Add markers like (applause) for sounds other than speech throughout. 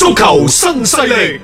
足球新勢力，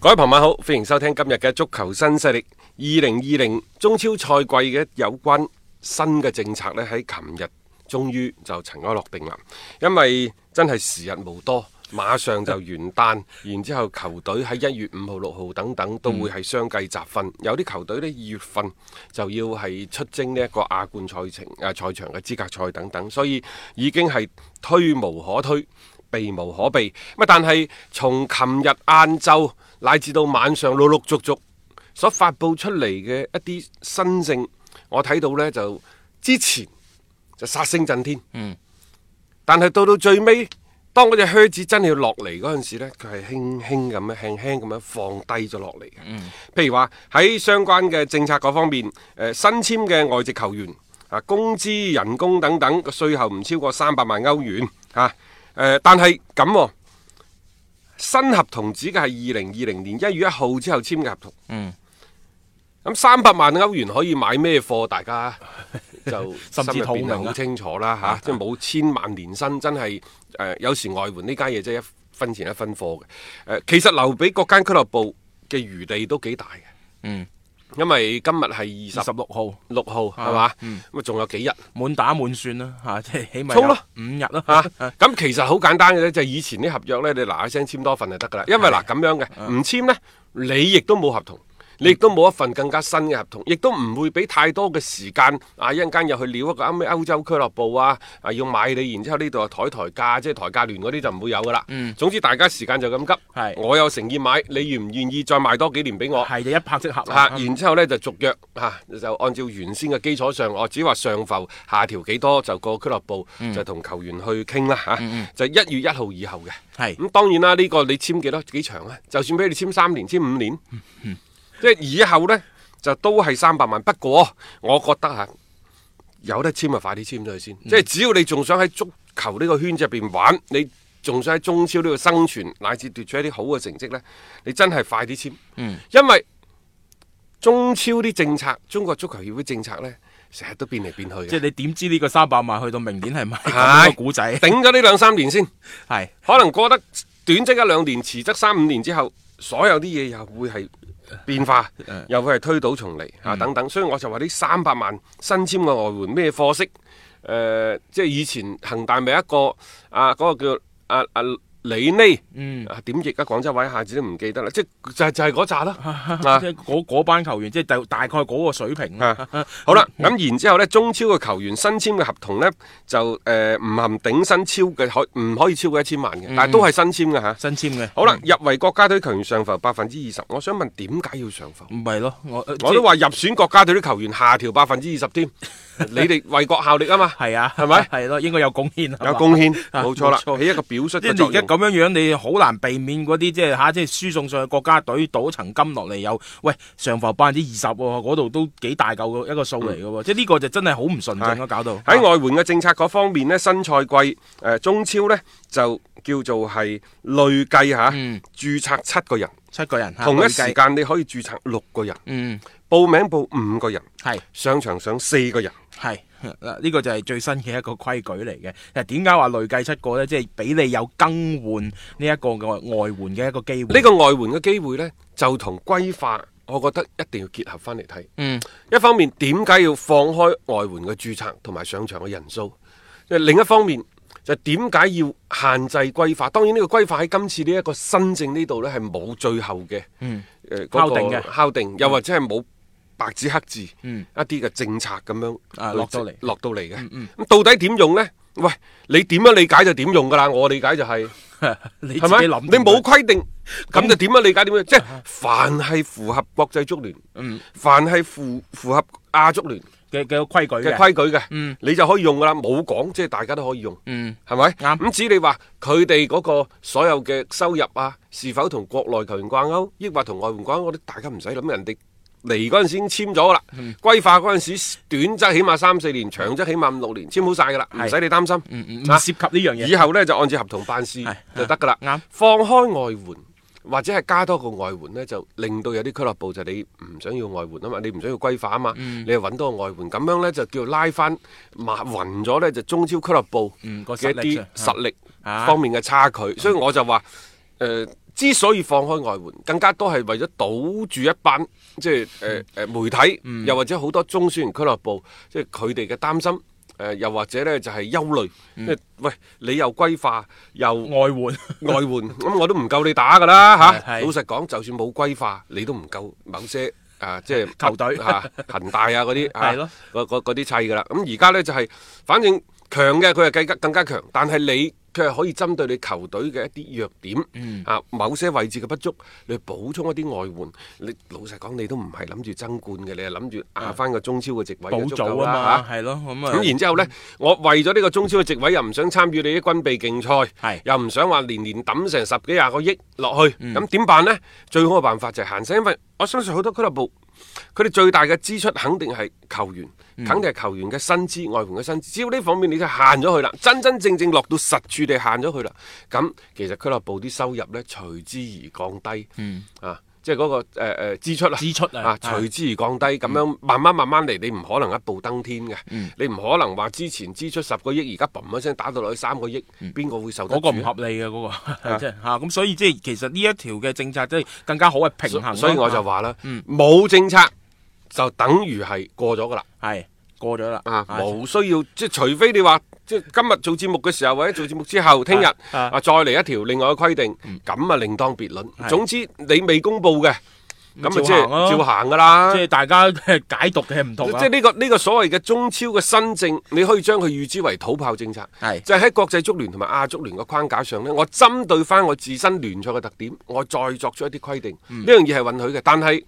各位朋友好，歡迎收聽今日嘅足球新勢力。二零二零中超賽季嘅有關新嘅政策呢，喺琴日終於就塵埃落定啦。因為真係時日無多，馬上就元旦，然之後球隊喺一月五號、六號等等都會係相繼集訓，嗯、有啲球隊呢，二月份就要係出征呢一個亞冠賽程誒、呃，賽場嘅資格賽等等，所以已經係推無可推，避無可避，咁但係從琴日晏晝乃至到晚上陸陸陸陸陸，陸陸續續所發布出嚟嘅一啲新政，我睇到呢就之前就殺聲震天，嗯，但係到到最尾，當嗰隻靴子真係落嚟嗰陣時呢，佢係輕輕咁樣、輕輕咁樣放低咗落嚟嘅。嗯，譬如話喺相關嘅政策嗰方面，誒，呃，新簽嘅外籍球員啊，工資、人工等等個稅後唔超過三百萬歐元吓。啊誒、呃，但係咁、啊，新合同指嘅係二零二零年一月一號之後簽嘅合同。嗯。咁、嗯、三百萬歐元可以買咩貨？大家就 (laughs) 甚至 心入邊好清楚啦，吓了、啊，即係冇千萬年薪，真係誒、呃，有時外援呢間嘢即係一分錢一分貨嘅。誒、呃，其實留俾各間俱樂部嘅餘地都幾大嘅。嗯。因為今日係二十六號，六號係嘛，咁啊仲有幾日滿打滿算啦，吓即係起碼操咯，五日咯，吓咁其實好簡單嘅啫，就係，以前啲合約咧，你嗱一聲簽多份就得噶啦，因為嗱咁是、啊、樣嘅，唔簽咧你亦都冇合同。你亦都冇一份更加新嘅合同，亦都唔會俾太多嘅時間。啊，一陣間又去撩一個啱歐洲俱樂部啊，啊要買你，然之後呢度又抬抬價，即係抬價連嗰啲就唔會有噶啦。嗯。總之大家時間就咁急。我有誠意買，你願唔願意再賣多幾年俾我？係一拍即合。然之後呢，就續約嚇，就按照原先嘅基礎上，我只係話上浮下調幾多就個俱樂部就同球員去傾啦嚇。就一月一號以後嘅。咁當然啦，呢個你簽幾多幾長啊？就算俾你簽三年、簽五年。即係以後呢，就都係三百萬。不過我覺得吓，啊，有得簽就快啲簽咗去先。嗯，即係只要你仲想喺足球呢個圈子入邊玩，你仲想喺中超呢度生存，乃至奪取一啲好嘅成績呢，你真係快啲簽。嗯，因為中超啲政策，中國足球協會政策呢，成日都變嚟變去。即係你點知呢個三百萬去到明年係咪咁嘅古仔？頂咗呢兩三年先，係是可能過得短則一兩年，遲則三五年之後。所有啲嘢又會係變化，啊、又會係推倒重嚟、嗯、啊等等，所以我就話呢三百萬新簽嘅外援，咩貨色？誒、呃，即係以前恒大咪一個啊嗰、那個叫啊啊。啊。你呢？點譯啊？廣州位一下子都唔記得啦，即係就係就係嗰扎啦，即係嗰班球員，即係大大概嗰個水平。好啦，咁然之後呢，中超嘅球員新簽嘅合同呢，就誒唔含頂薪超嘅，可唔可以超過一千萬嘅？但係都係新簽嘅嚇。新簽嘅。好啦，入圍國家隊球員上浮百分之二十，我想問點解要上浮？唔係咯，我我都話入選國家隊啲球員下調百分之二十添。你哋為國效力啊嘛，係啊，係咪？係咯，應該有貢獻，有貢獻，冇錯啦，做起一個表述嘅作用，即係而家咁樣樣，你好難避免嗰啲，即係吓，即係輸送上去國家隊，賭層金落嚟有喂上浮百分之二十喎，嗰度都幾大嚿個一個數嚟嘅喎。即係呢個就真係好唔順正咯，搞到喺外援嘅政策嗰方面呢，新賽季誒中超呢，就叫做係累計吓，注冊七個人，七個人，同一時間你可以注冊六個人，嗯，報名報五個人，係上場上四個人。係嗱，呢、這個就係最新嘅一個規矩嚟嘅。其實點解話累計七個呢？即係俾你有更換呢一個嘅外援嘅一個機會。呢個外援嘅機會呢，就同歸化，我覺得一定要結合翻嚟睇。嗯，一方面點解要放開外援嘅注冊同埋上場嘅人數？因為另一方面就點解要限制歸化？當然呢個歸化喺今次呢一個新政呢度呢，係冇最後嘅。敲定嘅，敲定又或者係冇。嗯白紙黑字，一啲嘅政策咁樣落到嚟落到嚟嘅，咁到底點用咧？喂，你點樣理解就點用噶啦！我理解就係，你自己諗，你冇規定，咁就點樣理解點樣？即係凡係符合國際足聯，凡係符符合亞足聯嘅嘅規矩嘅規矩嘅，你就可以用噶啦！冇講，即係大家都可以用，係咪？啱咁至你話佢哋嗰個所有嘅收入啊，是否同國內球員掛鈎，抑或同外援掛鈎？我哋大家唔使諗人哋。嚟嗰陣時已經簽咗噶啦，規劃嗰陣時短則起碼三四年，長則起碼五六年，簽好曬噶啦，唔使你擔心。嚇，涉及呢樣嘢，以後咧就按照合同辦事就得噶啦。啱，放開外援或者係加多個外援咧，就令到有啲俱樂部就你唔想要外援啊嘛，你唔想要規劃啊嘛，你又揾多個外援，咁樣咧就叫拉翻麻混咗咧，就中超俱樂部嘅一啲實力方面嘅差距。所以我就話誒。之所以放開外援，更加多係為咗堵住一班即係誒誒媒體，嗯、又或者好多中小型俱樂部，嗯、即係佢哋嘅擔心，誒又或者咧就係憂慮。喂，你又歸化又外援，外援咁 (laughs) 我都唔夠你打噶啦嚇。啊、對老實講，就算冇歸化，你都唔夠某些啊，即係球隊嚇恒大啊嗰啲，係咯，嗰嗰嗰啲砌噶啦。咁而家咧就係，反正強嘅佢係更加更加強，但係你。佢係可以針對你球隊嘅一啲弱點，嗯、啊某些位置嘅不足，你補充一啲外援。你老實講，你都唔係諗住爭冠嘅，你係諗住壓翻個中超嘅席位。好早啊嘛，咁、啊、咯然之後呢，嗯、我為咗呢個中超嘅席位，又唔想參與你啲軍備競賽，嗯、又唔想話年年揼成十幾廿個億落去，咁點、嗯、辦呢？最好嘅辦法就係限薪，因為我相信好多俱樂部，佢哋最大嘅支出肯定係球員。肯定係球員嘅薪資，外援嘅薪資。只要呢方面你就限咗佢啦，真真正正落到實處地限咗佢啦，咁其實俱樂部啲收入咧，隨之而降低。啊，即係嗰個誒支出啊，支出啊，隨之而降低，咁、啊、樣慢慢慢慢嚟，你唔可能一步登天嘅。嗯、你唔可能話之前支出十個億，而家砰一聲打到落去三個億，邊個、嗯、會受得住？嗰個唔合理嘅嗰、嗰個。嚇，咁對、啊、所以即係其實呢一條嘅政策即係更加好嘅平衡。所以我就話啦，冇、嗯嗯嗯、政策。就等於係過咗噶啦，係過咗啦，啊，冇需要，即係除非你話，即係今日做節目嘅時候，或者做節目之後，聽日啊，再嚟一條另外嘅規定，咁啊另當別論。總之你未公佈嘅，咁啊即係照行噶啦。即係大家解讀嘅唔同。即係呢個呢個所謂嘅中超嘅新政，你可以將佢預知為土炮政策，係就喺國際足聯同埋亞足聯嘅框架上，呢我針對翻我自身聯賽嘅特點，我再作出一啲規定。呢樣嘢係允許嘅，但係。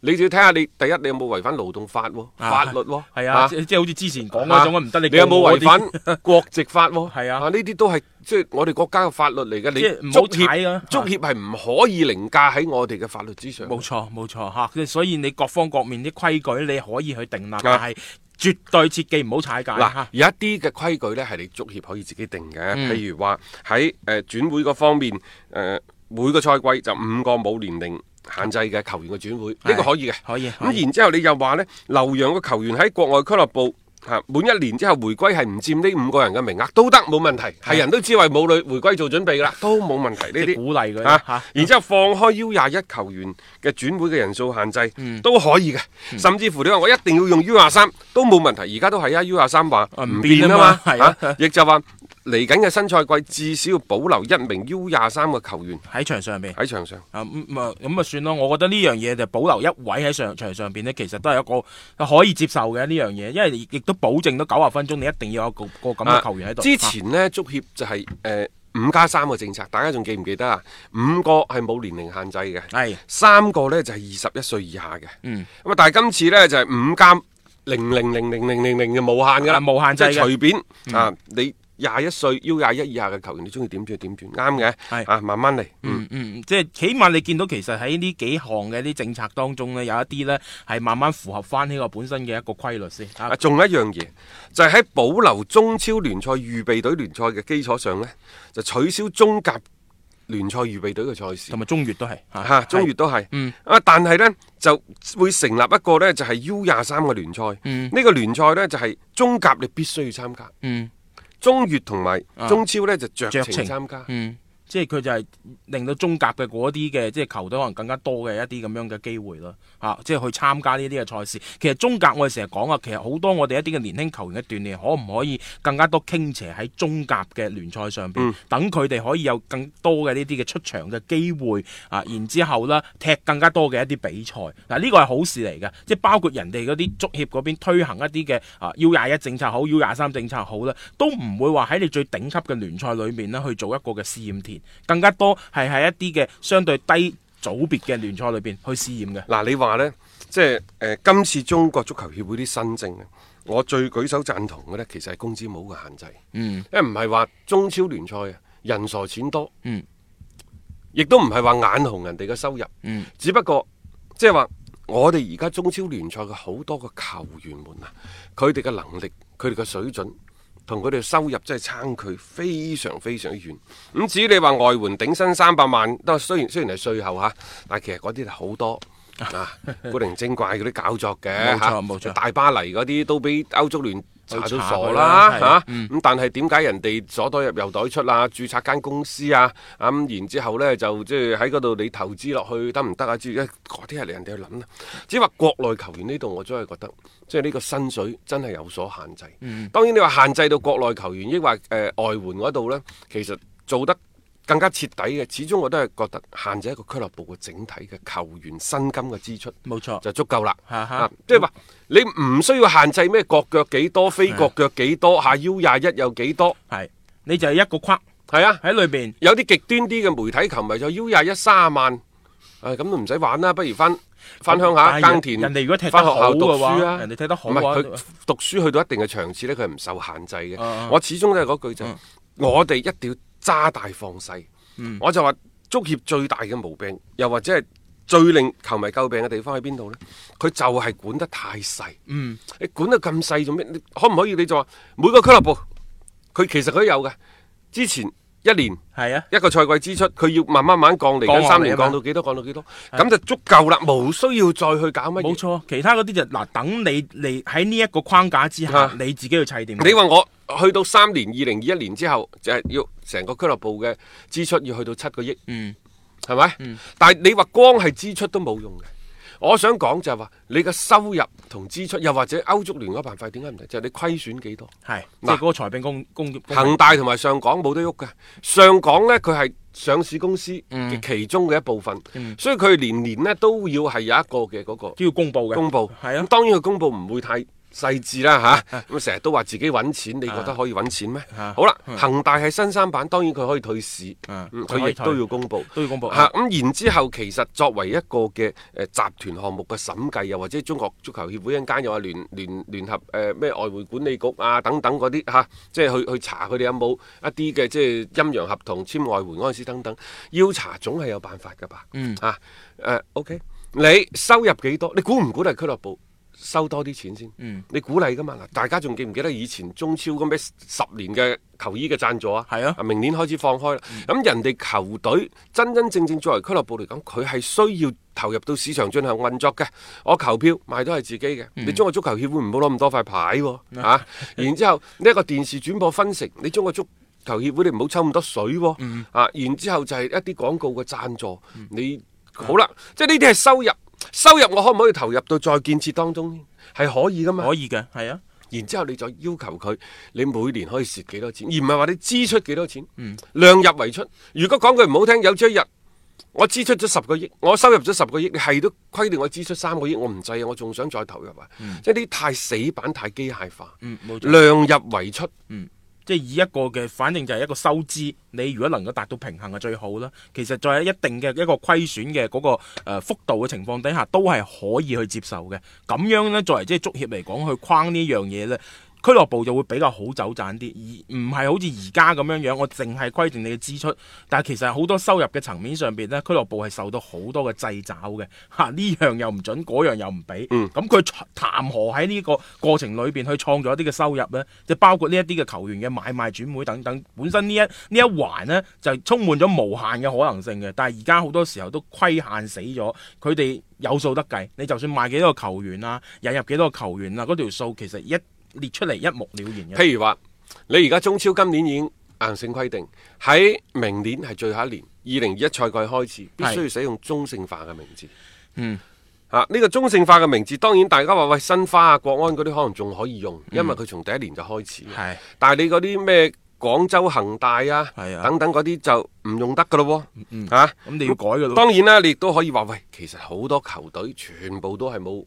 你就要睇下你第一，你有冇違反勞動法法律？係啊，即係好似之前講嗰種，唔得你。你有冇違反國籍法？係啊，呢啲都係即係我哋國家嘅法律嚟嘅。你足協啊，足協係唔可以凌駕喺我哋嘅法律之上。冇錯，冇錯吓。所以你各方各面啲規矩你可以去定立，但係絕對切記唔好踩界。嗱，有一啲嘅規矩咧，係你足協可以自己定嘅。譬如話喺誒轉會嗰方面，誒每個賽季就五個冇年齡限制嘅球員嘅轉會呢的個可以嘅，可以。咁然之後你又話呢，留洋嘅球員喺國外俱樂部吓、啊、滿一年之後回歸係唔佔呢五個人嘅名額都得，冇問題，係的人都知為母女回歸做準備噶啦，都冇問題，呢啲鼓勵佢、啊啊、然之後放開 U 廿一球員嘅轉會嘅人數限制、嗯、都可以嘅，甚至乎你話我一定要用 U 廿三都冇問題，而家都係啊 U 廿三話唔變啊嘛，亦就話。嚟緊嘅新賽季至少要保留一名 U 廿三嘅球員喺場上面。喺場上啊咁啊、嗯嗯、算咯，我覺得呢樣嘢就保留一位喺上場上邊咧，其實都係一個可以接受嘅呢樣嘢，因為亦都保證到九十分鐘，你一定要有個咁嘅球員喺度、啊。之前呢，足協就係誒五加三嘅政策，大家仲記唔記得啊？五個係冇年齡限制嘅，係三的個呢就係二十一歲以下嘅，嗯咁啊。但係今次呢，就係五加零零零零零零嘅無限噶啦、啊，無限制嘅，隨便啊你、嗯。廿一歲 U 廿一以下嘅球員，你中意點轉點轉，啱嘅是啊，慢慢嚟，嗯嗯，嗯即係起碼你見到其實喺呢幾項嘅啲政策當中呢，有一啲呢係慢慢符合翻呢個本身嘅一個規律先。啊，仲有一樣嘢就係、是、喺保留中超聯賽預備隊聯賽嘅基礎上呢，就取消中甲聯賽預備隊嘅賽事，同埋中乙都係吓，中乙都係，啊，啊是啊但係呢就會成立一個呢就係、是、U 廿三嘅聯賽，呢、嗯、個聯賽呢，就係、是、中甲你必須要參加，嗯。中越同埋中超呢，啊、就酌情參加。情即係佢就係令到中甲嘅嗰啲嘅即係球隊可能更加多嘅一啲咁樣嘅機會咯，嚇、啊！即係去參加呢啲嘅賽事。其實中甲我哋成日講啊，其實好多我哋一啲嘅年輕球員嘅鍛鍊，可唔可以更加多傾斜喺中甲嘅聯賽上邊，嗯、等佢哋可以有更多嘅呢啲嘅出場嘅機會啊！然之後呢，踢更加多嘅一啲比賽嗱，呢、啊這個係好事嚟嘅，即係包括人哋嗰啲足協嗰邊推行一啲嘅啊，U 廿一政策好，U 廿三政策好啦，都唔會話喺你最頂級嘅聯賽裏面呢去做一個嘅試驗田。更加多係喺一啲嘅相對低組別嘅聯賽裏邊去試驗嘅。嗱，你話呢？即係、呃、今次中國足球協會啲新政咧，我最舉手贊同嘅呢，其實係工資帽嘅限制。嗯，因為唔係話中超聯賽啊，人傻錢多。嗯，亦都唔係話眼紅人哋嘅收入。嗯、只不過即係話，我哋而家中超聯賽嘅好多個球員們啊，佢哋嘅能力，佢哋嘅水準。同佢哋收入真係差距非常非常遠。咁至於你話外援頂薪三百萬，都雖然雖然係稅後嚇，但係其實嗰啲好多 (laughs) 啊，古靈精怪嗰啲搞作嘅大巴黎嗰啲都比歐足聯。查到傻啦嚇，咁但係點解人哋左袋入右袋出啊？註冊間公司啊，咁、嗯、然之後呢就即係喺嗰度你投資落去得唔得啊？至嗰啲係人哋去諗啦。只係話國內球員呢度，我真係覺得即係呢個薪水真係有所限制。嗯、當然你話限制到國內球員，抑或誒、呃、外援嗰度呢，其實做得更加徹底嘅，始終我都係覺得限制一個俱樂部嘅整體嘅球員薪金嘅支出，冇錯就足夠啦。即係話你唔需要限制咩國腳幾多，非國腳幾多，下 U21 又幾多？係你就係一個框。係啊，喺裏邊有啲極端啲嘅媒體球迷就 U21 卅萬，誒咁都唔使玩啦，不如翻翻鄉下耕田。人哋如果踢翻學校讀書啊，人哋踢得好唔係佢讀書去到一定嘅場次咧，佢係唔受限制嘅。我始終都係嗰句就，我哋一定要。揸大放細，嗯、我就話足協最大嘅毛病，又或者係最令球迷詬病嘅地方喺邊度咧？佢就係管得太細。嗯，你管得咁細做咩？你可唔可以？你就話每個俱樂部，佢其實佢有嘅之前。一年係啊，一個賽季支出，佢要慢慢慢，慢降嚟，嚟緊三年降到幾多，降到幾多，咁、啊、就足夠啦，冇需要再去搞乜嘢。冇錯，其他嗰啲就嗱、啊，等你嚟喺呢一個框架之下，啊、你自己去砌掂。你話我去到三年二零二一年之後，就係、是、要成個俱樂部嘅支出要去到七個億，嗯，係咪吧？嗯、但係你話光係支出都冇用嘅。我想講就係話你嘅收入同支出，又或者歐足聯嗰個辦法點解唔同？就係、是、你虧損幾多？係嗱是，嘛即係個財政公工業，工工恒大同埋上港冇得喐嘅。上港呢，佢係上市公司嘅其中嘅一部分，嗯嗯、所以佢年年咧都要係有一個嘅嗰、那個布都要公佈嘅。公佈係啊，的當然佢公佈唔會太。細緻啦嚇，咁成日都話自己揾錢，你覺得可以揾錢咩？好啦，恒大係新三板，當然佢可以退市，佢亦、啊、都要公布。都要公布嚇，咁、啊啊嗯、然之後其實作為一個嘅誒、呃、集團項目嘅審計，又或者中國足球協會一陣間，又話聯聯聯合誒咩、呃、外匯管理局啊等等嗰啲嚇，即係去去查佢哋有冇一啲嘅即係陰陽合同簽外匯官司等等，要查總係有辦法㗎吧？嚇 OK 你收入幾多？你估唔估係俱樂部？收多啲錢先，嗯，你鼓勵㗎嘛？嗱，大家仲記唔記得以前中超咁咩十年嘅球衣嘅贊助啊？係咯，明年開始放開啦。咁人哋球隊真真正正作為俱樂部嚟講，佢係需要投入到市場進行運作嘅。我球票賣都係自己嘅，你中國足球協會唔好攞咁多塊牌吓。然之後呢一個電視轉播分成，你中國足球協會你唔好抽咁多水。啊，然之後就係一啲廣告嘅贊助，你好啦，即係呢啲係收入。收入我可唔可以投入到再建設當中？係可以噶嘛？可以嘅，係啊。然之後你再要求佢，你每年可以蝕幾多錢，而唔係話你支出幾多錢。嗯，量入為出。如果講句唔好聽，有朝一日我支出咗十個億，我收入咗十個億，你係都規定我支出三個億，我唔制啊！我仲想再投入啊！嗯，即係啲太死板、太機械化。嗯，量入為出。嗯。即係以一個嘅，反正就係一個收支，你如果能夠達到平衡嘅最好啦。其實在一定嘅一個虧損嘅嗰個、呃、幅度嘅情況底下，都係可以去接受嘅。咁樣呢，作為即係足協嚟講，去框呢樣嘢呢。俱樂部就會比較好走賺啲，而唔係好似而家咁樣樣。我淨係規定你嘅支出，但係其實好多收入嘅層面上邊呢，俱樂部係受到好多嘅掣肘嘅。嚇、啊，呢、這、樣、個、又唔準，嗰、這、樣、個、又唔俾。這個、嗯，咁佢談何喺呢個過程裏邊去創造一啲嘅收入呢？就包括呢一啲嘅球員嘅買賣轉會等等。本身呢一呢一環呢，就充滿咗無限嘅可能性嘅。但係而家好多時候都規限死咗，佢哋有數得計。你就算賣幾多個球員啦、啊，引入幾多個球員啦、啊，嗰條數其實一。列出嚟一目了然。譬如話，你而家中超今年已經硬性規定，喺明年係最後一年，二零二一賽季開始必須要使用中性化嘅名字。是嗯，嚇呢、啊呢個中性化嘅名字，當然大家話喂，申花啊、國安嗰啲可能仲可以用，因為佢從第一年就開始。嗯、但係你嗰啲咩廣州恒大啊，啊等等嗰啲就唔用得噶咯喎。咁你要改嘅當然啦，你亦都可以話喂，其實好多球隊全部都係冇。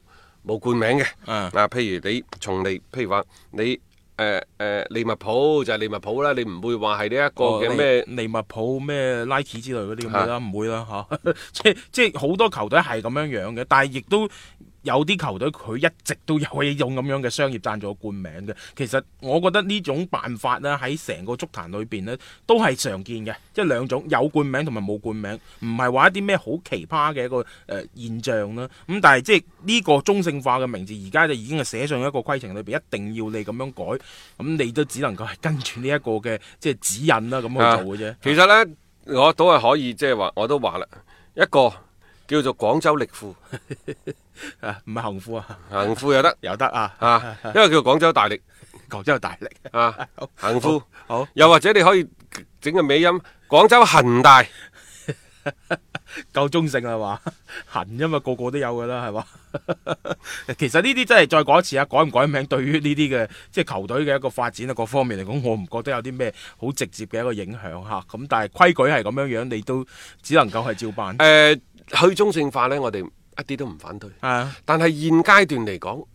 冇冠名嘅，嗱、啊啊，譬如你從嚟，譬如話你，誒、呃、誒、呃、利物浦就係、是、利物浦啦，你唔會話係呢一個嘅咩、哦、利，利物浦咩 Nike 之類嗰啲咁嘅啦，唔、啊、會啦，嚇、啊，即係即係好多球隊係咁樣樣嘅，但係亦都。有啲球隊佢一直都有一種咁樣嘅商業贊助冠名嘅，其實我覺得呢種辦法咧，喺成個足壇裏邊咧都係常見嘅，即係兩種有冠名同埋冇冠名，唔係話一啲咩好奇葩嘅一個誒現象啦。咁、嗯、但係即係呢、呢個中性化嘅名字，而家就已經係寫上一個規程裏邊，一定要你咁樣改，咁、嗯、你都只能夠係跟住呢一個嘅即係指引啦咁去做嘅啫、啊。其實咧，我都係可以即係話，我都話啦，一個。叫做廣州力富 (laughs) 啊，唔係恆富 (laughs) 以啊，恆富又得又得啊啊！因為叫做廣州大力，廣 (laughs) 州大力啊，恆富好。好又或者你可以整個尾音廣州恒大 (laughs) 夠中性啦，係嘛？恆音嘛，個個都有噶啦，係嘛？ (laughs) 其實呢啲真係再改一次啊，改唔改名對於呢啲嘅即係球隊嘅一個發展啊，各方面嚟講，我唔覺得有啲咩好直接嘅一個影響嚇。咁但係規矩係咁樣樣，你都只能夠係照辦。誒。 (laughs) 呃去中性化呢，我哋一啲都唔反對。啊、但係現階段嚟講，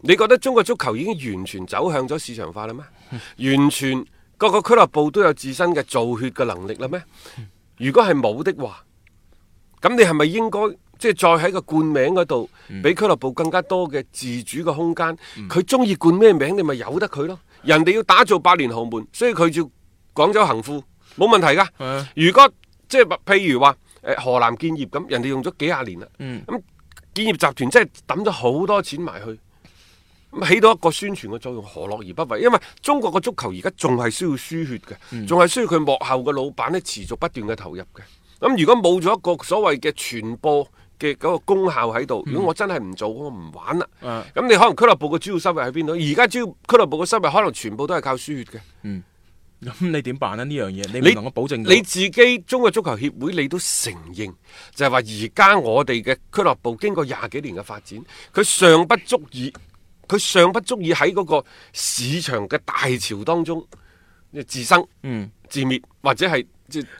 你覺得中國足球已經完全走向咗市場化啦咩？完全各個俱樂部都有自身嘅造血嘅能力啦咩？如果係冇的話，咁你係咪應該即係再喺個冠名嗰度，俾俱樂部更加多嘅自主嘅空間？佢中意冠咩名，你咪由得佢咯。人哋要打造百年豪門，所以佢叫廣州恒富冇問題噶。啊、如果即係譬如話。呃、河南建業咁，人哋用咗幾廿年啦。咁、嗯嗯、建業集團真係抌咗好多錢埋去，起到一個宣傳嘅作用，何樂而不為？因為中國嘅足球而家仲係需要輸血嘅，仲係、嗯、需要佢幕後嘅老闆呢持續不斷嘅投入嘅。咁、嗯、如果冇咗一個所謂嘅傳播嘅嗰個功效喺度，嗯、如果我真係唔做，我唔玩啦。咁、嗯嗯、你可能俱樂部嘅主要收入喺邊度？而家主要俱樂部嘅收入可能全部都係靠輸血嘅。嗯咁你點辦呢？呢樣嘢你唔能夠保證你，你自己中國足球協會，你都承認就係話，而家我哋嘅俱樂部經過廿幾年嘅發展，佢尚不足以，佢尚不足以喺嗰個市場嘅大潮當中自生、嗯自滅或者係。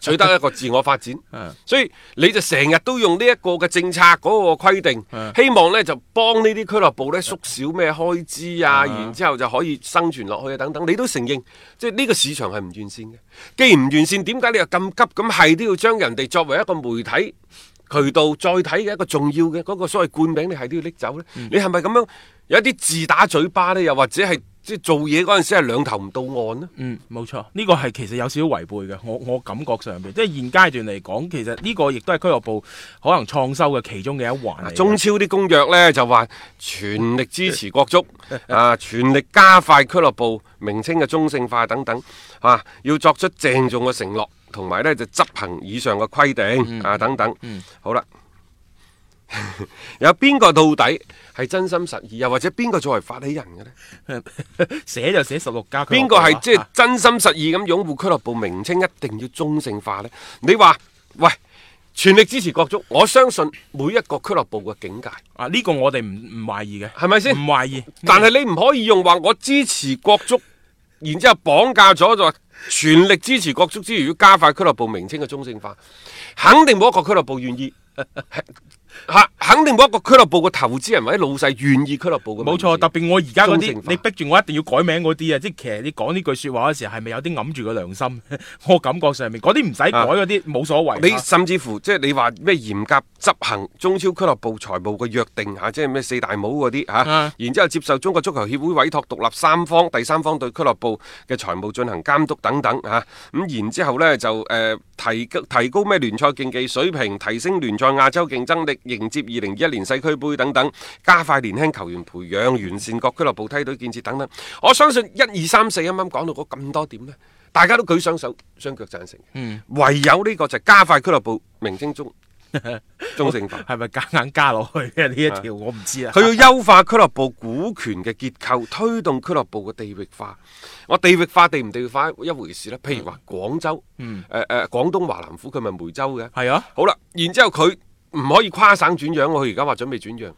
取得一個自我發展， (laughs) 所以你就成日都用呢一個嘅政策嗰個規定， (laughs) 希望呢就幫呢啲俱樂部咧縮小咩開支啊， (laughs) 然之後就可以生存落去啊等等。你都承認，即係呢個市場係唔完善嘅。既然唔完善，點解你又咁急咁係都要將人哋作為一個媒體渠道再睇嘅一個重要嘅嗰個所謂冠名，你係都要拎走呢？ (laughs) 你係咪咁樣有一啲自打嘴巴呢，又或者係？即係做嘢嗰陣時係兩頭唔到岸咯，嗯，冇錯，呢個係其實有少少違背嘅，我我感覺上邊，即係現階段嚟講，其實呢個亦都係俱樂部可能創收嘅其中嘅一環。中超啲公約呢，就話全力支持國足， (laughs) (laughs) 啊，全力加快俱樂部名稱嘅中性化等等，啊，要作出鄭重嘅承諾，同埋呢就執行以上嘅規定啊等等，嗯，嗯好啦。有邊個到底係真心實意？又或者邊個作為發起人嘅呢？寫 (laughs) 就寫十六家，邊個係即係真心實意咁擁護俱樂部名稱一定要中性化呢？你話喂，全力支持國足，我相信每一個俱樂部嘅境界啊，呢、這個我哋唔唔懷疑嘅，係咪先？唔懷疑，但係你唔可以用話我支持國足，然之後綁架咗就話全力支持國足之餘，要加快俱樂部名稱嘅中性化，肯定冇一個俱樂部願意。 (laughs) 吓，肯定冇一個俱樂部嘅投資人或者老細願意俱樂部嘅。冇錯，特別我而家嗰啲，你逼住我一定要改名嗰啲啊！即係其實你講呢句說話嘅時候，係咪有啲揞住個良心？ (laughs) 我感覺上面嗰啲唔使改嗰啲，冇、啊、所謂。你甚至乎即係、就是、你話咩嚴格執行中超俱樂部財務嘅約定吓，即係咩四大帽嗰啲吓，啊啊、然之後接受中國足球協會委託獨立三方第三方對俱樂部嘅財務進行監督等等吓，咁、啊嗯、然之後咧就誒、呃、提高提高咩聯賽競技水平，提升聯賽亞洲競爭力。迎接二零二一年世俱盃等等，加快年輕球員培養，完善各俱樂部梯隊建設等等。我相信一二三四，啱啱講到嗰咁多點咧，大家都舉雙手雙腳贊成。嗯，唯有呢個就係加快俱樂部名稱中中性化，係咪夾硬加落去嘅呢一條？我唔知啊。佢要優化俱樂部股權嘅結構，推動俱樂部嘅地域化。我地域化，地唔地域化一回事咧。譬如話廣州，嗯，誒誒，廣東華南虎，佢咪梅州嘅？係啊。好啦，然之後佢。唔可以跨省轉讓，佢而家話準備轉讓，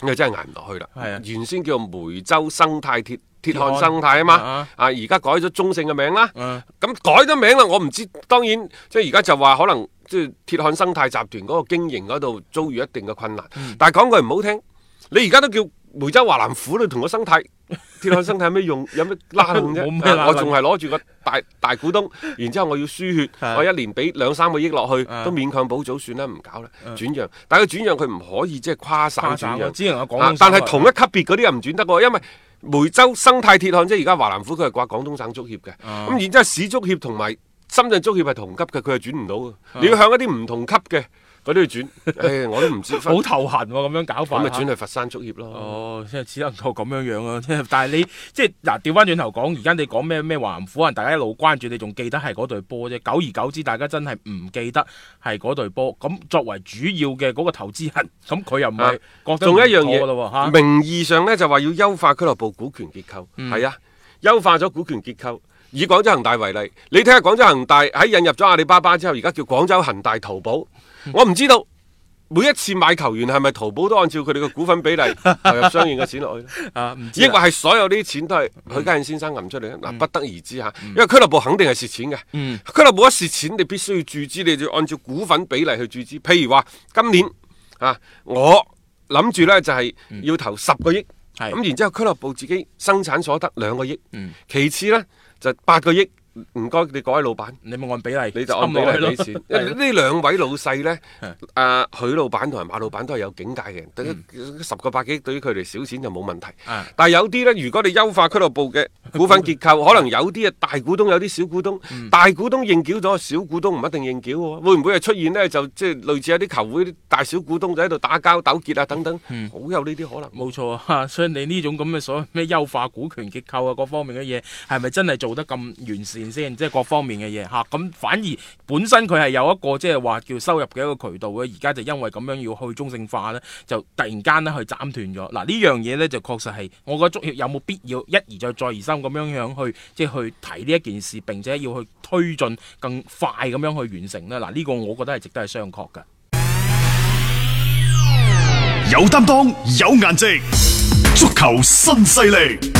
咁又真係捱唔落去啦。啊、原先叫梅州生態鐵鐵漢生態啊嘛，啊而家、啊、改咗中性嘅名啦，咁、啊、改咗名啦，我唔知。當然，即係而家就話、是、可能即係鐵漢生態集團嗰個經營嗰度遭遇一定嘅困難，嗯、但係講句唔好聽，你而家都叫梅州華南虎，你同個生態。嗯 (laughs) 鐵漢 (laughs) 生態有咩用？有咩拉用啫？ (laughs) (laughs) (laughs) 我仲係攞住個大大股東，然之後我要輸血， (laughs) 是的 我一年俾兩三個億落去，都勉強補早算啦，唔搞啦，轉是的 讓。但係佢轉讓佢唔可以即係跨省轉讓，只能有廣東省，啊、但係同一級別嗰啲又唔轉得喎，啊、因為梅州生態鐵漢即係而家華南虎，佢係掛廣東省足協嘅，咁、嗯嗯、然之後市足協同埋深圳足協係同級嘅，佢係轉唔到嘅。嗯、你要向一啲唔同級嘅。嗰啲要轉，哎、我都唔知。好頭痕喎，咁樣搞法。咁咪轉去佛山竹業咯。哦，即係只能夠咁樣樣啊！但 (laughs) 即但係你即係嗱，調翻轉頭講，而家你講咩咩華南虎啊，大家一路關注，你仲記得係嗰隊波啫。久而久之，大家真係唔記得係嗰隊波。咁作為主要嘅嗰個投資人，咁佢又唔係覺得仲有一樣嘢咯喎？嚇，啊、名義上咧就話要優化俱樂部股權結構，係、嗯、啊，優化咗股權結構。以廣州恒大為例，你睇下廣州恒大喺引入咗阿里巴巴之後，而家叫廣州恒大淘寶。 (noise) 我唔知道，每一次買球員係咪淘寶都按照佢哋嘅股份比例投入相應嘅錢落去呢？抑或係所有啲錢都係許家印先生揼出嚟咧？嗱、嗯啊，不得而知吓。因為俱樂部肯定係蝕錢嘅，嗯、俱樂部一蝕錢，你必須要注資，你就按照股份比例去注資。譬如話今年啊，我諗住呢就係、是、要投十個億，咁、嗯、然之後俱樂部自己生產所得兩個億，嗯、其次呢就八個億。唔該，你各位老闆，你咪按比例，你就按比例俾錢。呢兩位老細呢，阿許老闆同埋馬老闆都係有境界嘅，得十個百幾億，對於佢哋小錢就冇問題。但係有啲呢，如果你優化俱樂部嘅股份結構，可能有啲啊大股東，有啲小股東，大股東認繳咗，小股東唔一定認繳喎。會唔會啊出現呢？就即係類似有啲球會，大小股東就喺度打交、糾結啊等等，好有呢啲可能。冇錯啊，所以你呢種咁嘅所謂咩優化股權結構啊，各方面嘅嘢，係咪真係做得咁完善？即係各方面嘅嘢嚇，咁、啊、反而本身佢係有一個即係話叫收入嘅一個渠道嘅，而家就因為咁樣要去中性化呢，就突然間咧去斬斷咗。嗱、啊、呢樣嘢呢，就確實係我覺得足協有冇必要一而再、再而三咁樣樣去即係、即係、去提呢一件事，並且要去推進更快咁樣去完成呢？嗱、啊、呢、呢個我覺得係值得係商榷嘅。有擔當，有顏值，足球新勢力。